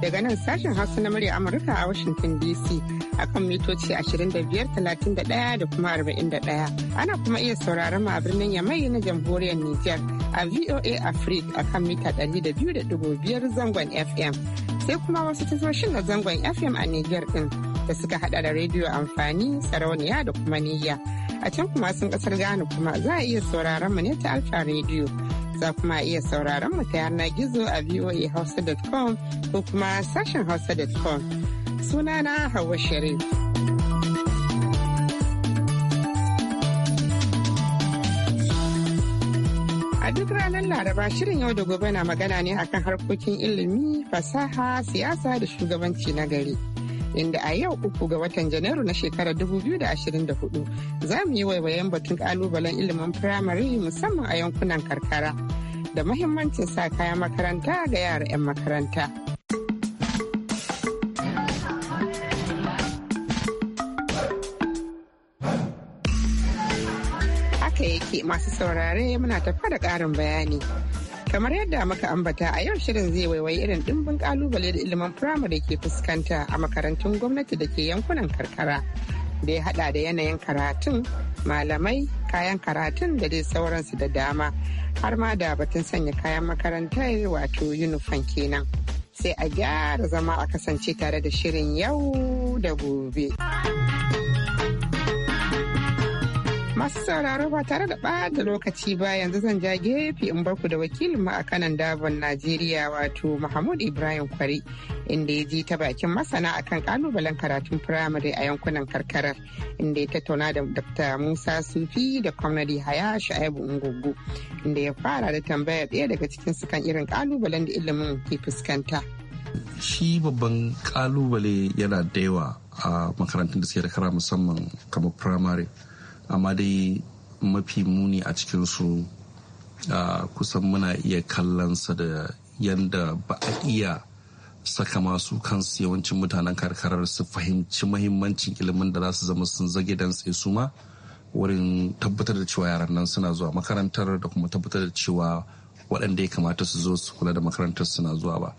daga nan sashen hausa na murya amurka a washington dc akan mitoci 2531 da kuma 41 ana kuma iya sauraron ma a birnin yamai na jamhuriyar niger a voa africa akan mita 200.5 zangon fm sai kuma wasu tashoshin na zangon fm a niger din da suka hada da rediyo amfani sarauniya da kuma niyya a can kuma sun kasar ghana kuma za a iya sauraron mu ne ta alfa rediyo za kuma iya sauraron mu ta yanar gizo a voahausa.com ko kuma sashen hausa.com. na Hauwa Sharif. A duk ranar Laraba shirin yau da gobe na magana ne akan harkokin ilimi, fasaha, siyasa da shugabanci na gari. inda a yau uku ga watan janairu na shekarar da 2024 za mu yi waiwayen batun kalubalen ilimin firamare musamman a yankunan karkara da mahimmancin sa kayan makaranta ga yara 'yan makaranta. Haka yake masu saurare muna tafa da ƙarin bayani. Kamar yadda muka ambata a yau shirin zai waiwayi irin dimbin kalubale da ilimin firamare ke fuskanta a makarantun gwamnati da ke yankunan karkara da ya hada da yanayin karatun malamai kayan karatun da dai sauransu da dama har ma da batun sanya kayan makaranta wato yunifan kenan sai a gyara zama a kasance tare da shirin yau da gobe. Masu sauraro ba tare da ɓata lokaci ba yanzu zan ja gefe in barku da wakilin ma'akanan a kanan daban Najeriya wato Mahmud Ibrahim Kwari inda ya ji ta bakin masana akan kalubalen karatun firamare a yankunan karkarar inda ya tattauna da Dr. Musa Sufi da Kwamnadi Haya Shu'aibu Ungugu inda ya fara da tambaya ɗaya daga cikin sukan irin kalubalen da ilimin ke fuskanta. Shi babban kalubale yana da yawa a makarantun da suke da kara musamman kamar firamare. amma dai mafi muni a cikin cikinsu kusan muna iya kallon sa da yadda ba a iya saka masu kansu yawancin mutanen karkarar su fahimci mahimmancin ilimin da za su zama sun zage dan tsaye su ma wurin tabbatar da cewa yaran nan suna zuwa makarantar da kuma tabbatar da cewa waɗanda ya kamata su zo su kula da makarantar suna zuwa ba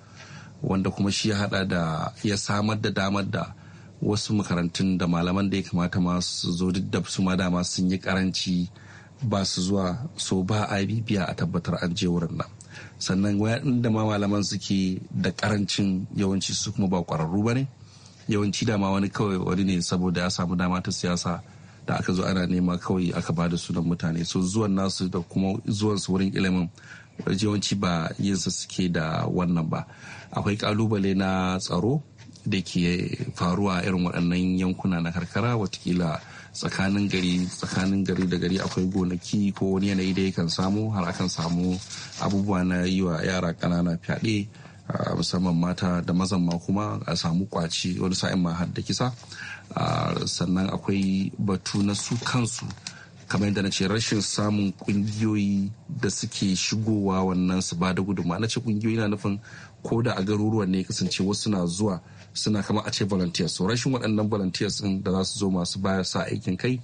wanda kuma shi ya hada da ya samar da damar da wasu makarantun da malaman da ya kamata masu zo duk da su ma dama sun yi karanci ba su zuwa so ba a bibiya a tabbatar an je wurin nan sannan da ma malaman suke da karancin yawanci su kuma ba kwararru ba ne yawanci dama wani kawai wani ne saboda ya samu dama ta siyasa da aka zo ana nema kawai aka ba bada da mutane so zuwan nasu da kuma zuwan su wurin ilimin yawanci ba yinsa suke da wannan ba akwai kalubale na tsaro da ke faruwa irin waɗannan yankuna na karkara watakila tsakanin gari tsakanin gari da gari akwai gonaki ko wani yanayi da yakan samu har akan samu abubuwa na yi wa yara ƙanana fyaɗe musamman mata da mazan ma kuma a samu kwaci wani sa'in ma har da kisa sannan akwai batu na su kansu kamar yadda na ce rashin samun kungiyoyi da suke shigowa wannan su ba da gudunmawa na ce kungiyoyi na nufin ko da a garuruwan ne kasance wasu na zuwa suna kama a ce volunteers so rashin waɗannan volunteers ɗin da za su zo masu baya sa aikin kai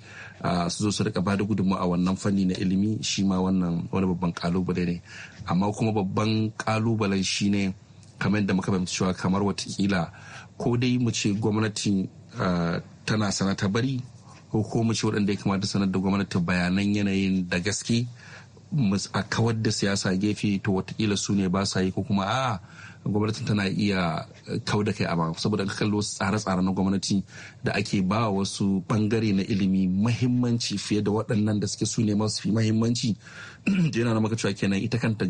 su zo su rika ba da gudunmawa a wannan fanni na ilimi shi ma wannan wani babban kalubale ne amma kuma babban kalubalen shi ne kamar yadda muka fahimci cewa kamar watakila ko dai mu ce gwamnati tana sana ta bari ko mu ce waɗanda ya kamata sanar da gwamnati bayanan yanayin da gaske a kawar da siyasa gefe to watakila su ne ba sa yi ko kuma a gwamnatin tana iya eh, kau da kai a ba saboda ka kallo tsare-tsare na gwamnati da ake ba wasu bangare na ilimi mahimmanci fiye da waɗannan da suke su ne masu fi mahimmanci yana na maka cewa kenan ita kanta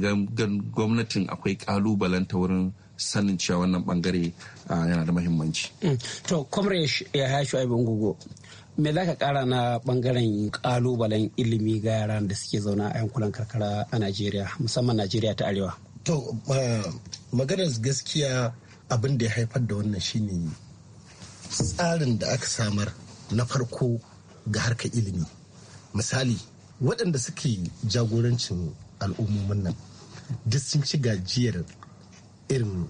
gwamnatin akwai kalubalen ta wurin sanin cewa wannan bangare ah, yana da mahimmanci. Mm. to comrade ya aibin me za ka kara na bangaren kalubalen ilimi ga yaran da suke zauna a yankunan karkara a najeriya musamman najeriya ta arewa to eh, maganar gaskiya abin da ya haifar da wannan shine tsarin da aka samar na farko ga harkar ilimi misali waɗanda suke jagorancin al'ummomin nan duk sun ci gajiyar irin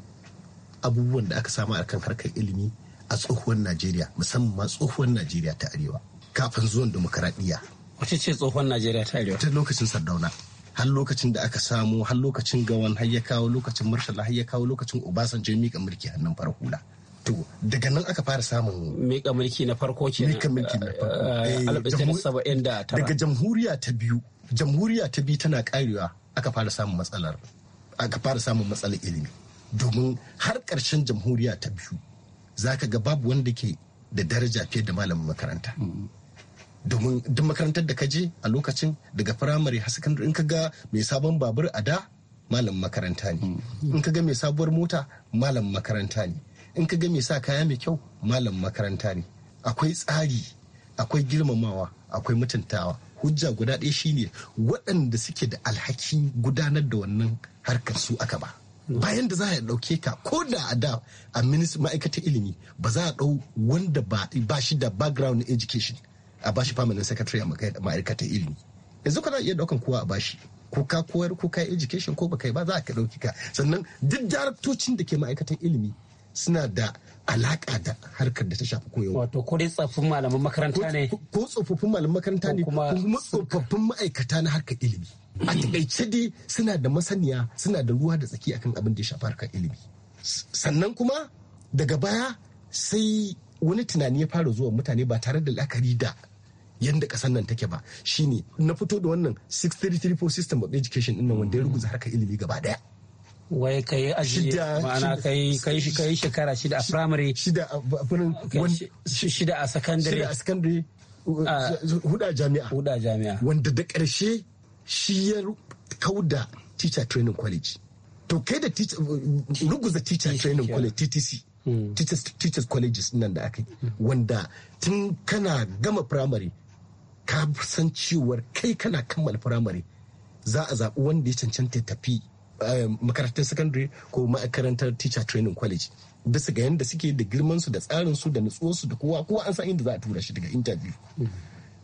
abubuwan da aka samu a kan harkar ilimi a tsohuwar najeriya musamman tsohuwar najeriya ta arewa kafin zuwan demokaradiyya wace ce tsohuwar najeriya ta arewa ta lokacin sardauna har lokacin da aka samu har lokacin gawan har ya kawo lokacin martala har ya kawo lokacin obasanjo mika mulki hannun farar hula to daga nan aka fara samun mika mulki na farko ke mika mulki na farko eh, eh, daga jamhuriya ta biyu jamhuriya ta biyu tana karewa aka fara samun matsalar aka fara samun matsalar ilimi domin har ƙarshen jamhuriya ta biyu za ka ga babu wanda ke da daraja fiye da malamin makaranta domin duk makarantar da ka je a lokacin daga firamare har sakandare in ka ga mai sabon babur a da malamin makaranta ne mm. in ka ga mai sabuwar mota malamin makaranta ne in ka ga mai sa kaya mai kyau malamin makaranta ne akwai tsari akwai girmamawa akwai mutuntawa hujja guda ɗaya shine waɗanda suke da alhaki gudanar da wannan harkar su aka ba bayan da za a ɗauke ka ko da a da a ma'aikatar ilimi ba za a dau wanda ba shi da background education a bashi permanent secretary a ma'aikatar ilimi yanzu kana iya daukan kowa a bashi ko ka koyar ko ka education ko ba kai ba za a ka ɗauki ka sannan duk daraktocin da ke ma'aikatan ilimi suna da alaka da harkar da ta shafi koyarwa. Wato ko dai tsofaffin malaman makaranta ne. Ko tsofaffin malaman makaranta ne ko kuma tsofaffin ma'aikata na harkar ilimi. a taƙaice dai suna da masaniya suna da ruwa da tsaki akan abin da ya shafi harkar ilimi sannan kuma daga baya sai wani tunani ya fara zuwa mutane ba tare da la'akari da yadda kasan nan take ba shine na fito da wannan 6334 system of education din nan wanda ya ruguza harkar ilimi gaba daya wai ka yi ajiye ma'ana kai shi kai shekara shida a primary shida a secondary shida a secondary uh, ah. huda jami'a huda jami'a wanda da ƙarshe shi ya kauda teacher training college to kai da ruguza teacher training college ttc hmm. teachers, colleges nan da aka yi hmm. wanda tun kana gama primary ka san cewar kai kana kammala primary za a zaɓi wanda ya cancanta tafi eh, makarantar secondary ko makarantar teacher training college bisa ga yadda suke da girmansu da tsarinsu da nutsuwarsu da kowa kowa an san inda za a tura shi daga interview hmm.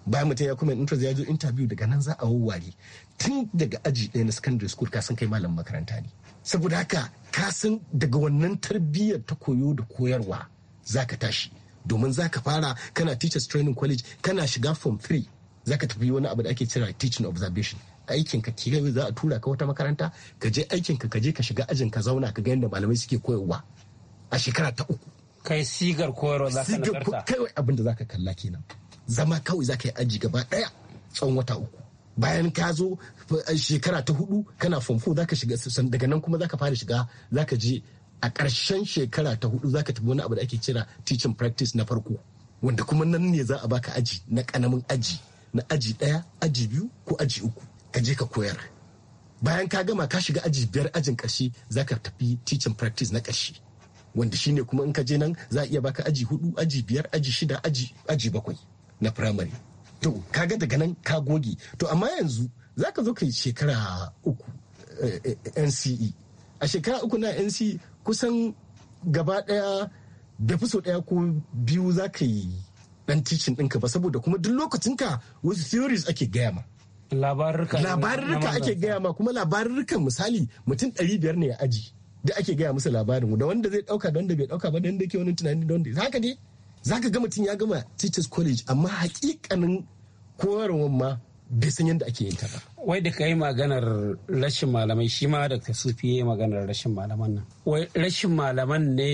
bayan mutum ya kuma interest ya zo interview daga nan za a wawware tun daga aji ɗaya na secondary school ka san kai malamin makaranta ne saboda haka ka san daga wannan tarbiyyar ta koyo da koyarwa za ka tashi domin za ka fara kana teachers training college kana shiga form 3 za ka tafi wani abu da ake cira teaching observation aikin ka ke za a tura ka wata makaranta ka je aikin ka je ka shiga ajin ka zauna ka ga yadda malamai suke koyarwa a shekara ta uku kai sigar koyarwa za ka nagarta kai abin da za ka kalla kenan zama kawai za ka yi aji gaba daya tsawon wata uku bayan ka zo eh, shekara ta hudu kana fomfo za ka shiga daga nan kuma za ka fara shiga za ka je a ƙarshen shekara ta hudu za ka tafi wani abu da ake cira teaching practice na farko wanda kuma nan ne za a baka aji na ƙanamin aji na aji ɗaya aji biyu ko aji uku ka je ka koyar bayan ka gama ka shiga aji biyar ajin ƙarshe za ka tafi teaching practice na ƙarshe wanda shine kuma in ka je nan za a iya baka aji hudu aji biyar aji shida aji aji bakwai na firamare to kaga daga nan ka goge to amma yanzu za ka zo ka yi shekara uku eh, eh, nce a shekara uku na nce kusan gaba daya da fi ɗaya ko biyu za ka yi dan ticin ɗinka ba saboda kuma duk lokacinka wasu theories ake gaya ma labarurka ake gaya ma kuma labarurkan misali mutum ɗari biyar ne ya aji da ake gaya musu labarin da wanda zai ɗauka da wanda bai ɗauka ba da wanda ke wani tunani da wanda haka ne za ka ga mutum ya gama teachers college amma hakikanin koyarwar ma bai san yadda ake yin ta ba. Wai da ka yi maganar rashin malamai shi ma da ka sufi yi maganar rashin malaman nan. Wai rashin malaman ne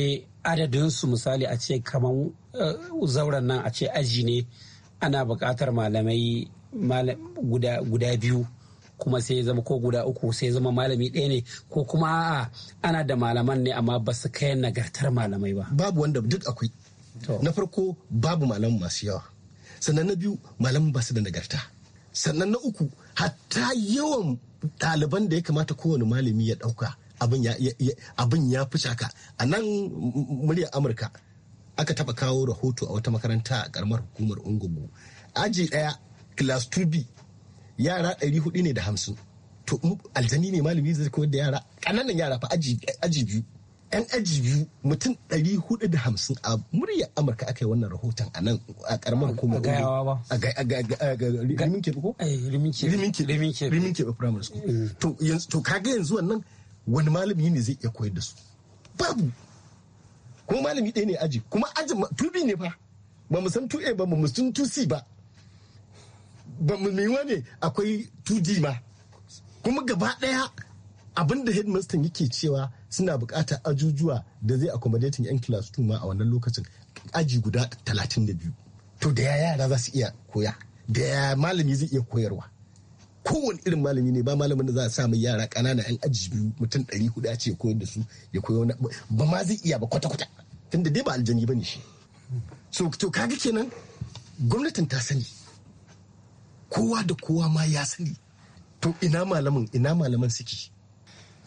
adadinsu misali a ce kaman uh, zauren nan a ce aji ne ana buƙatar malamai guda biyu kuma sai ya zama ko guda uku sai ya zama malami ɗaya ne ko kuma a'a ana da malaman ne amma ba su kai nagartar malamai ba. Babu wanda duk akwai. na farko babu malaman masu yawa sannan na biyu malaman ba su da nagarta sannan na uku hatta yawan ɗaliban da ya kamata kowane malami ya ɗauka abin ya fi shaka a nan muryar amurka aka taba kawo rahoto a wata makaranta a karamar hukumar ungugu aji ɗaya class 2b yara 400 ne da hamsin to aljani ne malami zai koyar da yara ƙananan yara fa aji biyu 'yan aji biyu mutum 450 a murya amurka aka yi wannan rahoton a nan a karamar kuma a gayawa ba a rimin kebe ko eh, rimin kebe primary school eh. to kaga yanzu wannan wani malami ne zai iya koyar da su babu kuma malami ɗaya ne aji kuma aji tubi ne fa ba mu san 2a ba mu san 2c ba ba mu miwa ne akwai 2d ma kuma gaba ɗaya abinda headmaster yake cewa suna bukata ajujuwa da zai accommodating yan class 2 ma a wannan lokacin aji guda 32 to da ya yara za su iya koya da ya malami zai iya koyarwa kowane irin malami ne ba malamin da za a samu yara ƙanana yan aji biyu mutum 400 a ce ya koyar da su ya koyo ba ma zai iya ba kwata-kwata da dai ba aljani ba ne shi so to kaga kenan gwamnatin ta sani kowa da kowa ma ya sani to ina malamin ina malaman suke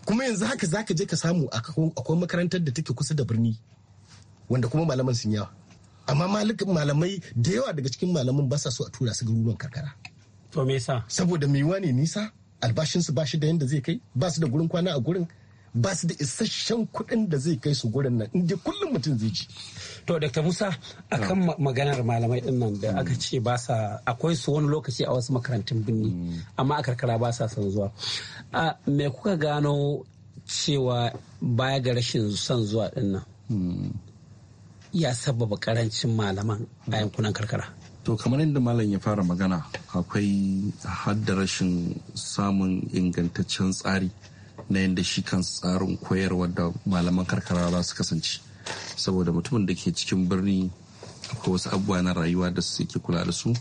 kuma yanzu haka za ka je ka samu akwai makarantar da take kusa da birni wanda kuma malaman sun yawa amma malamai da yawa daga cikin malaman ba sa so a tura su garuruwan karkara to me yasa saboda mai wani nisa albashinsu ba shi da yanda zai kai ba su da gurin kwana a gurin ba su da isasshen kuɗin da zai kai su gurin nan inda kullum mutum zai ci. To Dr. Musa akan ah. maganar malamai ɗinnan nan da aka ce ba sa akwai su wani lokaci a wasu makarantun birni hmm. amma a karkara ba sa son zuwa. Me kuka gano cewa baya ga rashin son zuwa ɗinnan? nan? Hmm. Ya sababa karancin malaman a yankunan karkara. To kamar yadda malam ya fara magana akwai hadda rashin samun ingantaccen tsari. na yadda shi kan tsarin koyarwa da malaman karkara za su kasance saboda mutumin da ke cikin birni ko wasu abubuwa na rayuwa da su ke kula da su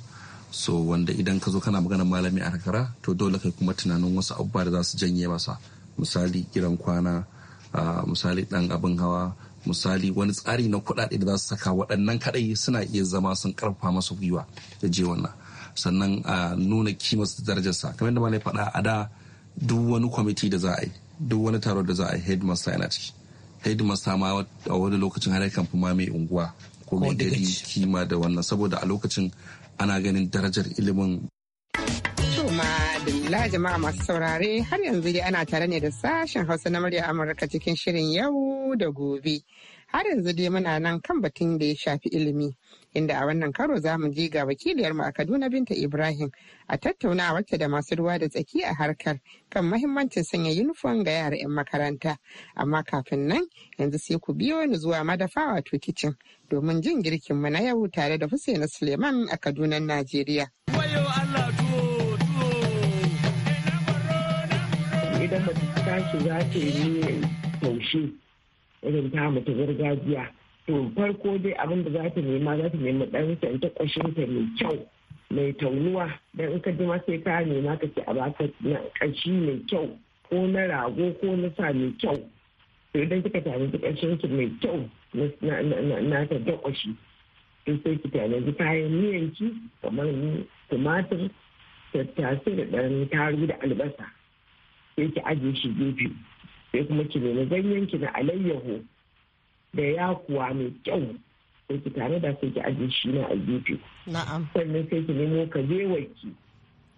so wanda idan ka zo kana magana malami a karkara to dole kai kuma tunanin wasu abubuwa da za su janye masa misali gidan kwana misali dan abin hawa misali wani tsari na kuɗaɗe da za su saka waɗannan kaɗai suna iya zama sun karfa masa gwiwa da je wannan sannan a nuna kimarsa darajarsa kamar da malai faɗa a da duk wani kwamiti da za a yi duk wani taro da za a yi headmaster yana ciki headmaster ma a wani lokacin har kan fi ma mai unguwa ko mai gari kima da wannan saboda a lokacin ana ganin darajar ilimin Alhamdulillah jama'a masu saurare har yanzu dai ana tare ne da sashen Hausa na murya Amurka cikin shirin yau da gobe. har yanzu dai muna nan kan batun da ya shafi ilimi inda a wannan karo za mu je ga wakiliyar mu a Kaduna Binta Ibrahim a tattauna wacce da masu ruwa da tsaki a harkar kan mahimmancin sanya yunifon ga yara 'yan makaranta amma kafin nan yanzu sai ku biyo ni zuwa madafa wato kicin domin jin girkin mu na yau tare da Husaina Suleiman a Kaduna Najeriya. Idan ba ta shiga za ta yi taushe irin ta mutu gargajiya to farko dai abin da za ta nema za ta nemi dan ta kwashin ta mai kyau mai taunuwa dan in ka jima sai ka nema ka ce a baka na kashi mai kyau ko na rago ko na sa mai kyau to idan kika da kashin ki mai kyau na ta dakwashi to sai ki tanaji kayan miyan ki kamar tumatir tattasai da ɗan taru da albasa sai ki ajiye shi gefe sai kuma ki nemi ganyen ki na alayyahu da ya kuwa mai kyau sai ki tare da sai ki ajiye shi na a na'am sannan sai ki nemo ka kabewaki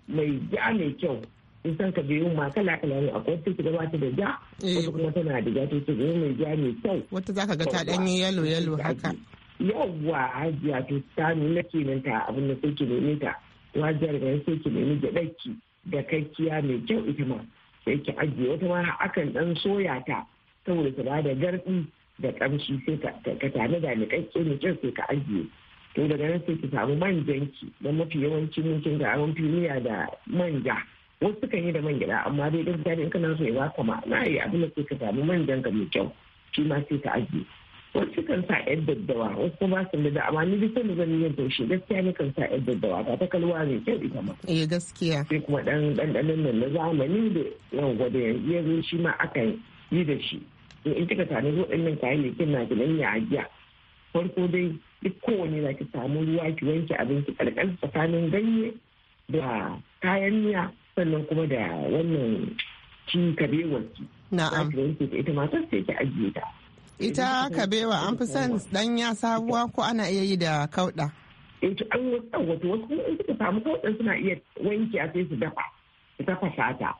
mai ja mai kyau in san ka kabewun ma kala kala ne akwai sai ki gabata da ja eh. wata kuma tana da ja to ki mai ja mai kyau wata zaka ga ta dan yalo yalo haka yawwa hajiya to ta nuna kenan ta abin da sai ki nemi ta wajen da sai ki nemi gyaɗaki da kakkiya mai kyau ita ma sai ki ajiye wata ma akan dan soya ta saboda ta ba da garɗi da ƙamshi sai ka tare da niƙaƙƙe ne kyau sai ka ajiye to daga nan sai ki samu manjanki da mafi yawanci mun kin ga an da manja wasu kan yi da man gyaɗa amma dai da in kana so ya baka na yi abin da sai ka samu manjan ka mai kyau shi ma sai ka ajiye wasu kan sa yan daddawa wasu ba su da amma ni bisa mu zan yin taushe gaskiya ne kan sa yan daddawa ba ta kalwa mai kyau ita ma. Iya eh, gaskiya. sai kuma dan ɗanɗanon nan na zamani da yan gwada yanzu ya shi ma aka yi da shi in kika tare kayan kayayyakin na nan ya ajiya farko dai duk kowane na ki samu ruwa ki wanke abinci karkar tsakanin ganye da kayan miya sannan kuma da wannan ki kabewar ki. Na'am. ita ma sai ki ajiye ta. ita kabewa an fi son danya sabuwa ko ana iya yi da kauɗa ita eh, an wasu wasu in suka samu kauɗa suna iya wanki a sai su dafa su tafasa ta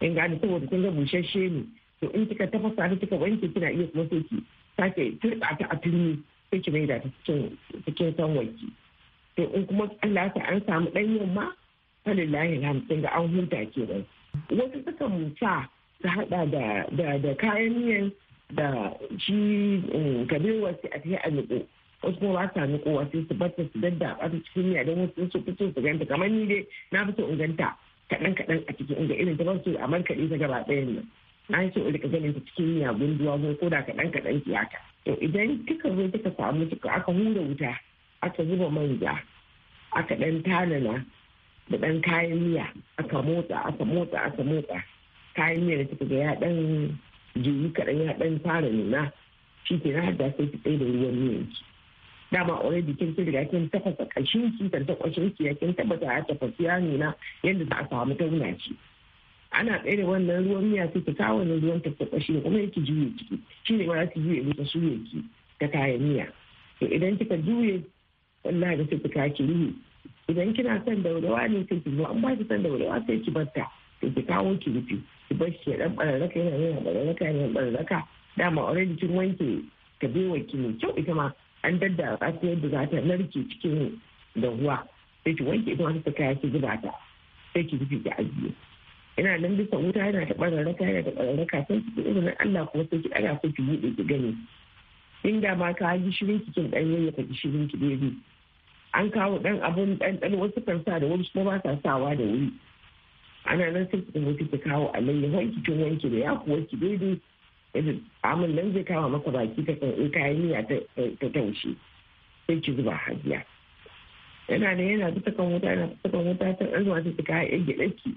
in gani saboda kun ga bushashe ne to in kika tafasa ta kika wanke kina iya kuma sai ki sake turɓa ta a turmi sai ki maida ta cikin wanki to in kuma Allah ta an samu ɗanyen ma falillahi hamsin ga an huta kenan wasu suka sa su haɗa da kayan miyan da shi gabe eh, wasu a ta a niko wasu kuma ba sa niko wasu su bata su dadda a ɓata cikin miya don wasu su fito su ganta kamar ni dai na fito in ganta kaɗan kaɗan a cikin inda irin ta ba su a markaɗe ta gaba ɗaya nan na so in rika ganin ta cikin miya gunduwa ko koda kaɗan kaɗan ki haka to idan kika zo kika samu kika aka hura wuta aka zuba manja aka ɗan tanana da ɗan kayan miya aka motsa aka motsa aka motsa kayan miya da kika ga ya ɗan jiri kaɗan ya ɗan fara nuna shi ke na hada sai ki da ruwan miyan ki dama already kin ki riga kin tafasa ƙashin ki kan ta ki ya kin tabbata ya tafasa ya nuna yadda za a samu tauna ci ana ɗaya da wannan ruwan miya sai ta kawo wannan ruwan tafasa ne kuma yake juye ki. shi ne ma za ki juye ta suye ki ta kayan miya to idan kika juye wallahi da sai ki kaki idan kina son daurewa ne sai ki zo an ba ki son daurewa sai ki batta da ki kawo ki rufe ki bar shi ya dan bararraka yana yana bararraka yana bararraka dama already kin wanke ka wa ki mai kyau ita ma an dadda a ta yadda za ta narke cikin da ruwa sai ki wanke ita wata kaya ki zuba ta sai ki rufe ki ajiye ina nan bisa wuta yana ta bararraka yana ta bararraka sai ki irin Allah kuma sai ki ɗaga ko ki buɗe ki gani in da ma ka yi shirin ki kin dan yayyaka ki shirin ki an kawo dan abun dan dan wasu kan sa da wani kuma ba sa sawa da wuri ana nan sai ki mutu ki kawo alayyahon ki kin wanki da ya kuwa ki daidai amin nan zai kama maka baki ta kan kayan miya ta taushe sai ki zuba hajiya yana da yana ta kan wuta yana ta kan wuta ta ɗan zuwa ta kayan yan gyaɗa ki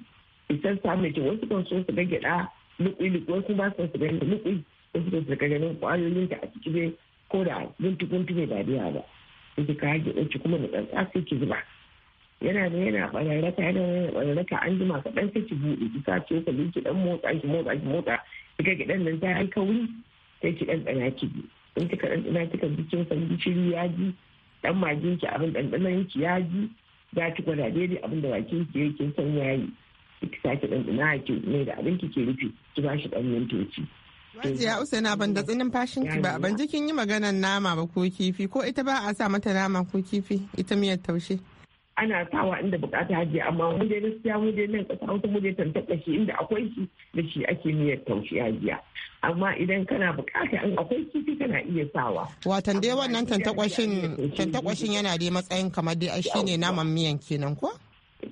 isan samun ki wasu kan so su ga gyaɗa lukui lukui wasu ba su ga lukui wasu kan su ga ganin ƙwayoyin ta a ciki dai ko da guntu guntu ne ba biya ba sai gyaɗa kuma da ɗan sai ki zuba yana da yana bararraka yana bararraka an anjima ka sai saki buɗe ki sa ce ka ki ɗan motsa ki motsa ki motsa kika ki ɗan nan ta ai kauri sai ki ɗan tsana ki bi in kika ɗan tsana kika bi kin san ya ji ɗan magin ki abin dan ki ya ji za ki gwada daidai abin da bakin ki kin san yayi ki sake dan tsana ki ne da abin ki ke rufe ki ba shi dan mintoci Rajiya na ban da tsinin fashin ki ba ban ji kin yi maganar nama ba ko kifi ko ita ba a sa mata nama ko kifi ita miyar taushe. ana sawa inda bukata haji amma mu dai gaskiya mu nan kasa wata mu dai tantaka shi inda akwai shi da shi ake niyyar taushi hajiya amma idan kana bukata in akwai kifi kana iya sawa watan dai wannan tantakwashin yana dai matsayin kamar dai shi ne naman miyan kenan ko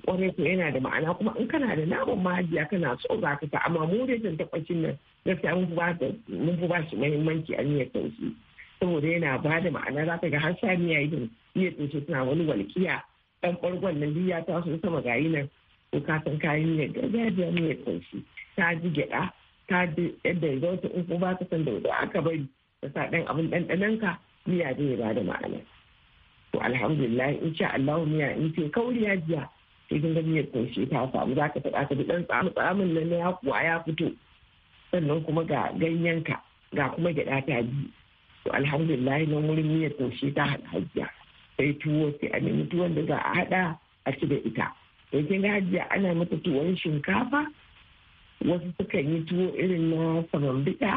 kwarai ko yana da ma'ana kuma in kana da naman mahajiya kana so za ka ta amma mu dai tantakwashin nan gaskiya mun fi ba shi muhimmanci a niyyar taushi saboda yana ba da ma'ana za ka ga har saniya idan niyyar taushi suna wani walƙiya dan ɓargon nan biya ta taso sama gayi nan ko kafin kayan miyar gargajiya ya kunshi ta ji gyaɗa ta ji yadda ya zauta in ko ba ka san da aka bari ka sa ɗan abin ɗanɗanon ka miya zai ba da ma'ana. To alhamdulillah in sha allahu miya in ce kauri ya jiya sai kin ga miyar kunshi ta samu za ka taɓa ka ji ɗan tsamin nan na yakuwa ya fito sannan kuma ga ka ga kuma gyaɗa ta ji To alhamdulillah nan wurin miyar taushe ta haɗa sai tuwo sai a nemi tuwon da za a haɗa a ci da ita to kin ga hajiya ana mata tuwon shinkafa wasu sukan yi tuwo irin na samambita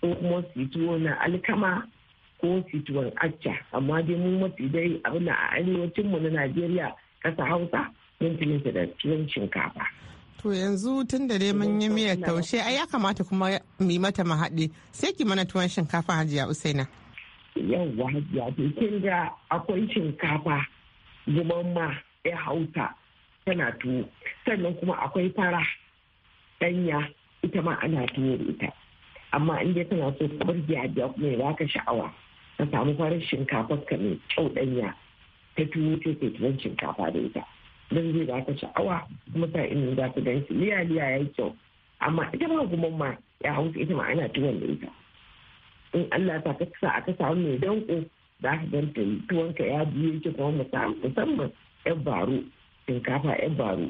ko kuma su tuwo na alkama ko su tuwon acca amma dai mu mafi dai abin a arewacin mu na Najeriya kasa Hausa mun fi da tuwon shinkafa to yanzu tun da dai mun yi miyar taushe ai ya kamata kuma mu mata mahadi sai ki mana tuwon shinkafa hajiya Usaina yawwa wato kin ga akwai shinkafa ma ya hauta tana tuwo sannan kuma akwai fara danya ita ma ana tuwo da ita amma in dai tana so ka bar biya ya baka sha'awa ka samu farin shinkafa ka mai kyau danya ta tuwo ce ke tuwon shinkafa da ita don zai baka sha'awa kuma ta in za ta gan liya liya ya yi kyau amma ita ma gumamma ya hausa ita ma ana tuwon da ita in Allah ta ka sa aka samu mai danko za ka ganta tuwanka ya biyu ki kuma musamman yan baro shinkafa yan baro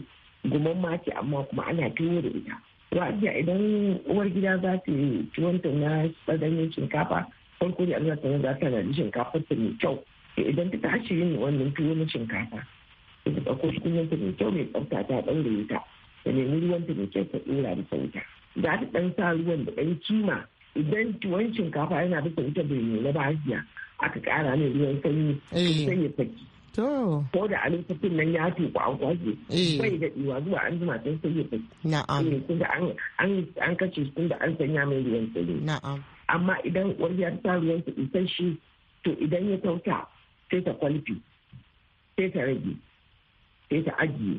gumon maki amma kuma ana tuwo da ita wajiya idan uwar gida za ta yi tuwanta na tsadanin shinkafa farko da Allah ta za ta na shinkafa ta mai kyau idan ta tashi yin wannan tuwo na shinkafa ta ɗauko shi ta mai kyau mai tsafta ta ɗaure ta ta nemi ta mai kyau ta ɗora da sauta za ta ɗan sa ruwan da ɗan kima idan tuwon shinkafa yana bisa wuta bai nuna ba hajiya aka kara mai ruwan sanyi sai ya saki ko da a lokacin nan ya tuku an kwashe bai daɗewa zuwa an jima sai sai ya saki na'am tunda an kace tunda an sanya mai ruwan sanyi na'am amma idan uwar ya ta ruwan su shi to idan ya sauka sai ta kwalfi sai ta rage sai ta ajiye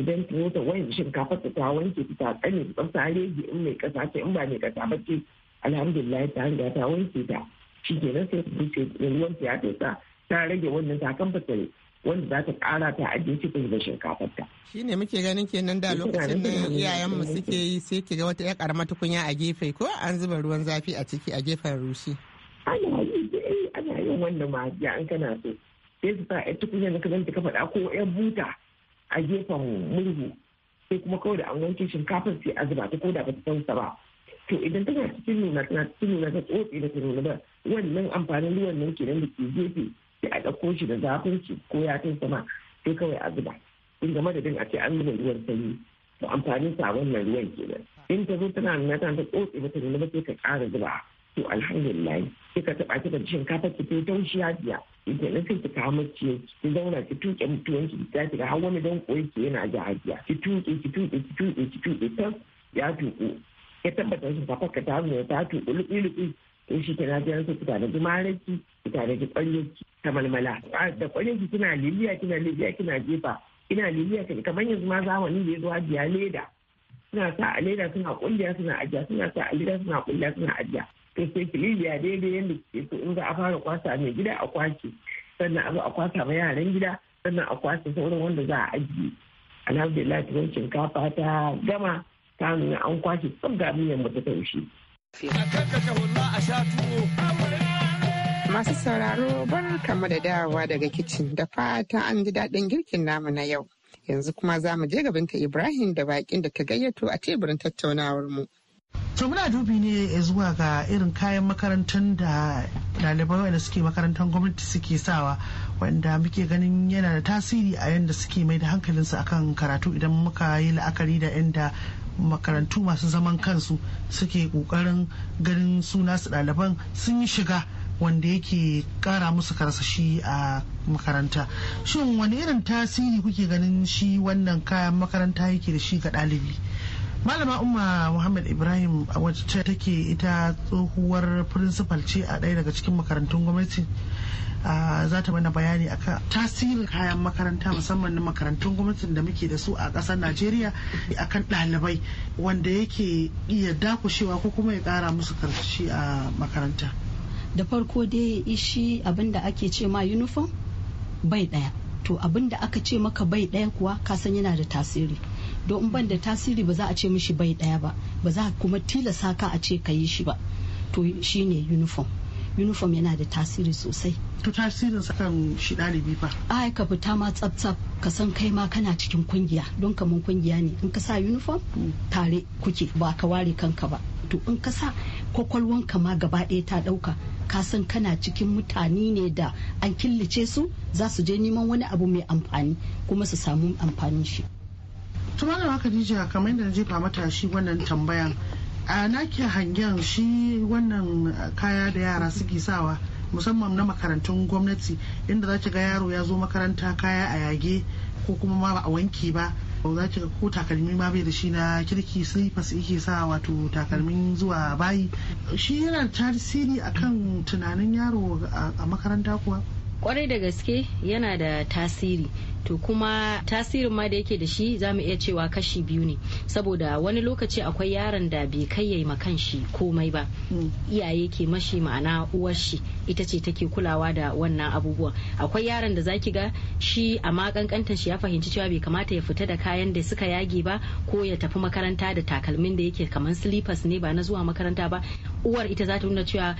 idan ta mota wani shinkafa ta ta wanke ta tsane ta tsare in mai kasa ce in ba mai kasa ba ce alhamdulillah ta hanga ta wanke ta shi ke nan sai ta ruwan ya tsotsa ta rage wannan ta kan fasare wanda za ta kara ta ajiye cikin da shinkafar ta. Shi ne muke ganin kenan da lokacin da iyayen mu suke yi sai ki ga wata ya karama tukunya a gefe ko an zuba ruwan zafi a ciki a gefen rushi. Ana yi eh, ana yin wannan ma ya an kana so. Sai su sa ya tukunya na kazan ta kafa ko ya buta a gefen murhu sai kuma kawai da an wanke shinkafar sai a zuba ta ko da ba ta tausa ba to idan tana cikin nuna tana cikin nuna ta tsotse da ta nuna ba wannan amfanin ruwan nan kenan da ke gefe sai a ɗauko shi da zafin shi ko ya kai sama sai kawai a zuba in game da din a ce an zuba ruwan sanyi to amfanin sa wannan ruwan kenan in ta zo tana nuna tana ta tsotse ba ta nuna ba sai ka ƙara zuba to alhamdulillah sai ka taɓa kika da shinkafa ki ta ya biya ita na sai ki kawo mace ki zauna ki tuƙe mutuwan ki ta ki har wani don koyi ki yana jahajiya ki tuƙe ki tuƙe ki tuƙe ki tuƙe ta ya tuƙu ya tabbata ta ka ta mu ta tuɓi luɓi-luɓi to shi ke najiyar ku ta daji maraki ta da ƙwaryarki ta malmala da ki kina liliya kina liliya kina jefa kina liliya kamar yanzu ma zamanin da ya zuwa biya leda suna sa a leda suna ƙungiya suna ajiya suna sa a leda suna ƙungiya suna ajiya to sai ki liliya daidai yadda ke so in za a fara kwasa mai gida a kwace sannan a zo a kwasa ma yaran gida sannan a kwasa sauran wanda za a ajiye alhamdulillah tuwon shinkafa ta gama ta an kwashe tsab da miyar a ta taushe. Masu sauraro bar kama da dawowa daga kicin da fata an ji daɗin girkin namu na yau. Yanzu kuma za mu je ta Ibrahim da bakin da ta gayyato a teburin tattaunawar mu. To muna dubi ne zuwa ga irin kayan makarantar da ɗalibai wanda suke makarantar gwamnati suke sawa wanda muke ganin yana da tasiri a yadda suke mai da hankalinsu akan karatu idan muka yi la'akari da yadda makarantu masu zaman kansu suke kokarin ganin suna su ɗaliban sun yi shiga wanda yake kara musu karsashi a makaranta shin wani irin tasiri kuke ganin shi wannan kayan makaranta yake da shi ga ɗalibi malama umma muhammad ibrahim a wacce take ita tsohuwar firinsifal ce a ɗaya daga cikin makarantun gwamnati za ta mana bayani akan tasirin kayan makaranta musamman na makarantun gwamnatin da muke da su a ƙasar najeriya akan ɗalibai wanda yake iya dakushewa ko kuma ya ƙara musu karshe a makaranta da farko dai ishi abin da ake ce ma uniform bai ɗaya to abin da aka ce maka bai ɗaya kuwa ka san yana da tasiri don ban da tasiri ba za a ce mishi bai ɗaya ba ba za kuma tilasa ka a ce ka yi shi ba to shine uniform uniform yana da tasiri sosai to tasirin kan shi ɗalibi fa ai ka fita ma tsaf tsaf ka san kai ma kana cikin kungiya don kaman kungiya ne in ka sa uniform mm. tare kuke ba ka ware kanka ba to in ka sa ka ma gaba ɗaya ta ɗauka ka san kana cikin mutane ne da an killace su za su je neman wani abu mai amfani kuma su samu amfanin shi. Tumana da haka kamar da na jefa matashi wannan tambayan a nake hangen shi wannan eh, kaya da yara suke sawa musamman na makarantun gwamnati inda za ga yaro ya zo makaranta kaya a yage ko kuma ma ba a wanke ba za ga ko takalmi ma bai da shi na kirki sai slippers yake sa wato takalmin zuwa bayi shi yana tasiri akan tunanin yaro a makaranta kuwa kwarai da gaske yana da tasiri to kuma tasirin ma da yake da shi za mu iya cewa kashi biyu ne saboda wani lokaci akwai yaron da bai kai ya ma kanshi komai ba hmm. iyaye ke mashi ma'ana uwar shi ita ce take kulawa da wannan abubuwan akwai yaron da zaki ga shi a makankantar shi ya fahimci cewa bai kamata ya fita da kayan da suka yage ba ko ya tafi makaranta da takalmin da yake kamar slippers ne ba na zuwa makaranta ba uwar ita za ta nuna cewa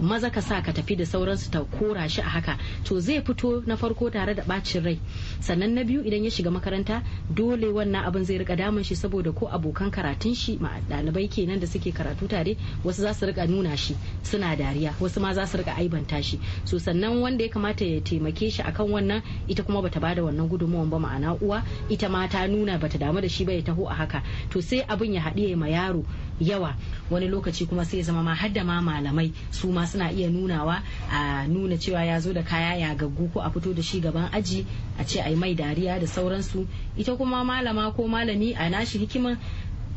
maza ka sa ka tafi da sauransu ta kora shi a haka to zai fito na farko tare da bacin rai sannan na biyu idan ya shiga makaranta dole wannan abin zai rika damun shi saboda ko abokan karatun shi ma dalibai kenan da suke karatu tare wasu za su rika nuna shi suna dariya wasu ma za su rika aibanta shi so sannan wanda ya kamata ya taimake shi akan wannan ita kuma bata bada wannan gudunmawan ba ma'ana uwa ita ma ta nuna bata damu da shi ba ya taho a haka to sai abin ya haɗiye ma yaro yawa wani lokaci kuma sai zama ma hadda ma malamai su ma suna iya nunawa a nuna cewa ya zo da kaya ya gaggu ko a fito da shi gaban aji a ce ai mai dariya da sauransu ita kuma malama ko malami a nashi hikiman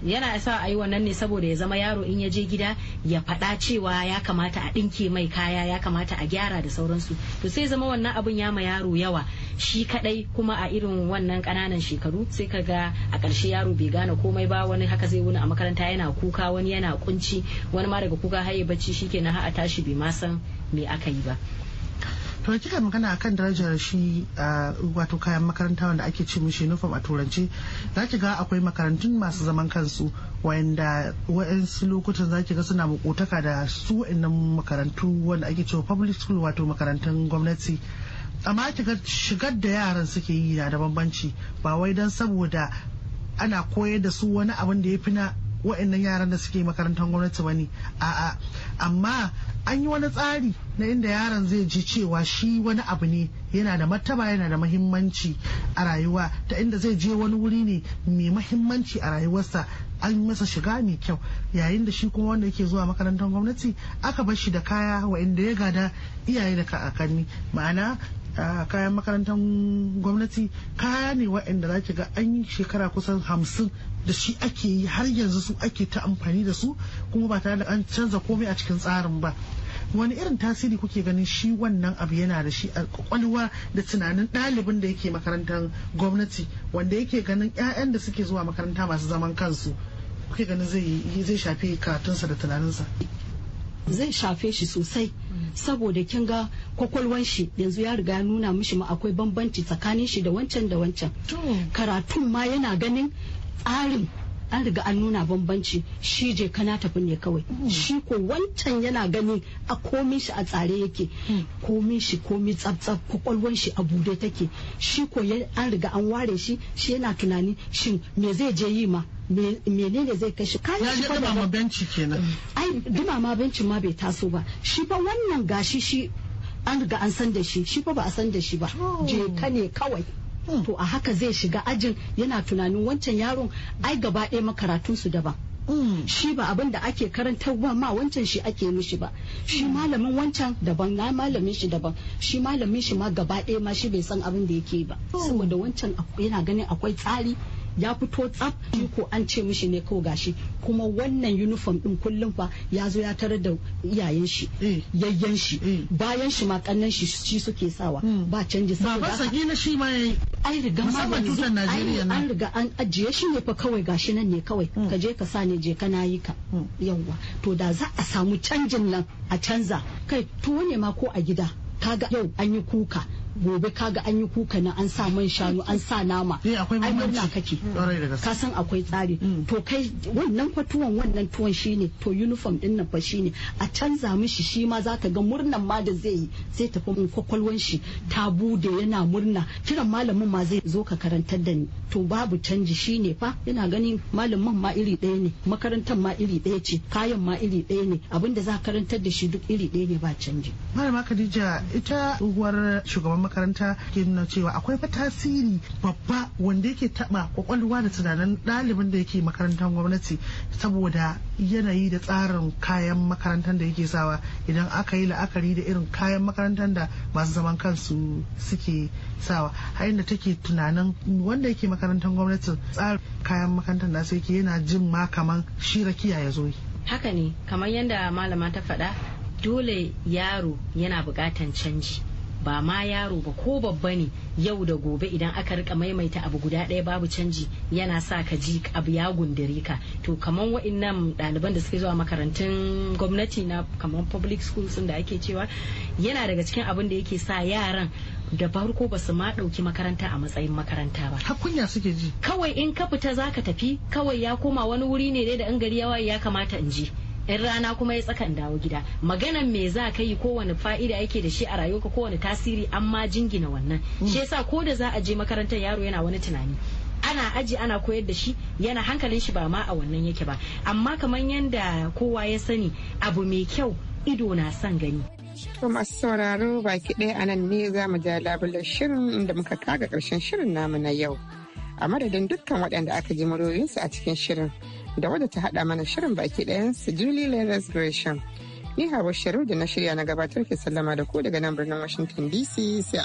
yana sa a yi wannan ne saboda ya zama yaro in ya je gida ya faɗa cewa ya kamata a ɗinke mai kaya ya kamata a gyara da sauransu to sai zama wannan abun ya ma yaro yawa shi kadai kuma a irin wannan kananan shekaru sai ka ga a ƙarshe yaro bai gane komai ba wani haka zai wuni a makaranta yana kuka wani yana kunci wani ma daga kuka haye bacci shikenan har a tashi bai ma san me aka yi ba to kika magana akan darajar shi wato kayan makaranta wanda ake ci mishi uniform a turanci za ki ga akwai makarantun masu zaman kansu wanda wa'yansu lokutan za ki ga suna mukotaka da su wa'annan makarantu wanda ake cewa public school wato makarantun gwamnati amma shigar da yaran suke yi na da bambanci ba wai don saboda ana koyar da su wani abin da ya fi na wa'annan yaran da suke makarantar gwamnati ba ne a'a amma an yi wani tsari na inda yaran zai ji cewa shi wani abu ne yana da martaba yana da mahimmanci a rayuwa ta inda zai je wani wuri ne mai mahimmanci a rayuwarsa an masa shiga mai kyau yayin da shi kuma wanda yake zuwa makarantar gwamnati aka bar shi da kaya wa'inda ya gada iyaye da kakanni ma'ana Ah, kayan makarantar gwamnati kaya ne waɗanda za ki ga an yi shekara kusan hamsin da shi ake yi har yanzu su ake ta amfani da su kuma ba tare da an canza komai a cikin tsarin ba wani irin tasiri kuke ganin shi wannan abu yana da shi a kwakwalwa da tunanin ɗalibin da yake makarantar gwamnati wanda yake ganin 'ya'yan da suke zuwa makaranta masu zaman kansu kuke ganin zai shafe karatunsa da tunaninsa zai shafe shi sosai saboda kin ga kwakwalwan shi yanzu ya riga nuna mishi ma akwai bambanci tsakanin shi da wancan da wancan karatun ma yana ganin tsarin an riga an nuna bambanci shi je kana tafi ne kawai hmm. shi ko wancan yana gani a komin shi a tsare yake hmm. komin shi komi tsabtsab kwakwalwan shi a bude take shi ko an riga an ware shi shi yana tunani shi me zai je yi ma menene zai kashi kayan shi fa da benci kenan ai ma bencin ma bai taso ba shi fa wannan gashi shi an riga an san da shi shi fa ba a san da shi ba oh. je ka ne kawai to a haka zai shiga ajin yana tunanin wancan yaron ai gaba ɗaya su daban mm. shi ba abin da ake karantarwa ma wancan shi ake mishi ba shi mm. malamin wancan daban na malamin shi daban shi malamin shi ma gaba ɗaya ma shi bai san abin da yake ba oh. saboda wancan yana ganin akwai tsari ya fito tsaf ko an ce mishi ne kawai gashi kuma wannan uniform din kullum fa ya zo ya tarar da iyayen shi eh. yayyen shi eh. bayan shi ma kannan shi shi suke sawa hmm. ba canji saboda ba saki na shi ma yayi ai riga ba tutan Najeriya an riga an ajiye shi ne fa kawai gashi nan ne kawai hmm. ka je ka sa ne je kana yi ka hmm. Yauwa to da za a samu canjin nan a canza kai to ne ma ko a gida kaga yau an yi kuka gobe kaga an yi kuka na an sa man shanu an sa nama eh, ai murna kake ka san akwai tsari mm. to kai wannan kwatuwan wannan tuwon shine to uniform din nan fa shine a canza mishi shi ma zaka ga murnan ma da zai yi sai tafi mun kwakwalwan shi ta bude yana murna kiran malamin ma zai zo ka karantar da ni to babu canji shine fa yana ganin malamin ma iri ɗaya ne makarantar ma iri ɗaya ce kayan ma iri ɗaya ne abinda za karantar da shi duk iri ɗaya ne ba canji malama Khadija ita uwar shugaban makaranta ke nuna cewa akwai fa tasiri babba wanda yake taba kwakwalwa da tunanin ɗalibin da yake makarantar gwamnati saboda yanayi da tsarin kayan makarantar da yake sawa idan aka yi la'akari da irin kayan makarantar da masu zaman kansu suke sawa har inda take tunanin wanda yake makarantar gwamnati tsarin kayan makarantar da su yake yana jin ma kaman shi rakiya ya zo haka ne kamar yadda malama ta faɗa dole yaro yana bukatan canji ba ma yaro ba ko babba ne yau da gobe idan aka rika maimaita abu guda ɗaya babu canji yana sa ka ji abu ya gundure ka to kaman wa'annan ɗaliban da suke zuwa makarantun gwamnati na kaman public schools da ake cewa yana daga cikin abin da yake sa yaran da farko ba su ma ɗauki makaranta a matsayin makaranta ba. Hakunya suke ji. Kawai in ka fita za ka tafi kawai ya koma wani wuri ne dai da in gari yawa ya kamata in je. in rana kuma ya tsakan dawo gida maganan me za ka yi kowane fa'ida yake da shi a rayuwarka kowane tasiri amma jingina wannan mm. shi yasa ko da za a je makarantar yaro yana wani tunani ana aji ana koyar da shi yana hankalin shi ba ma a wannan yake ba amma kamar yadda kowa ya sani abu mai kyau ido na son gani To masu sauraro baki ɗaya a nan ne za mu ja labulan shirin inda muka kaga ƙarshen shirin namu na yau. A madadin dukkan waɗanda aka ji muryoyinsu a cikin shirin da wadda ta haɗa mana shirin baki su Julie Lerner's Gresham. Ni Hawa shiru da na shirya na gabatar ke sallama da ku daga nan birnin Washington DC sai an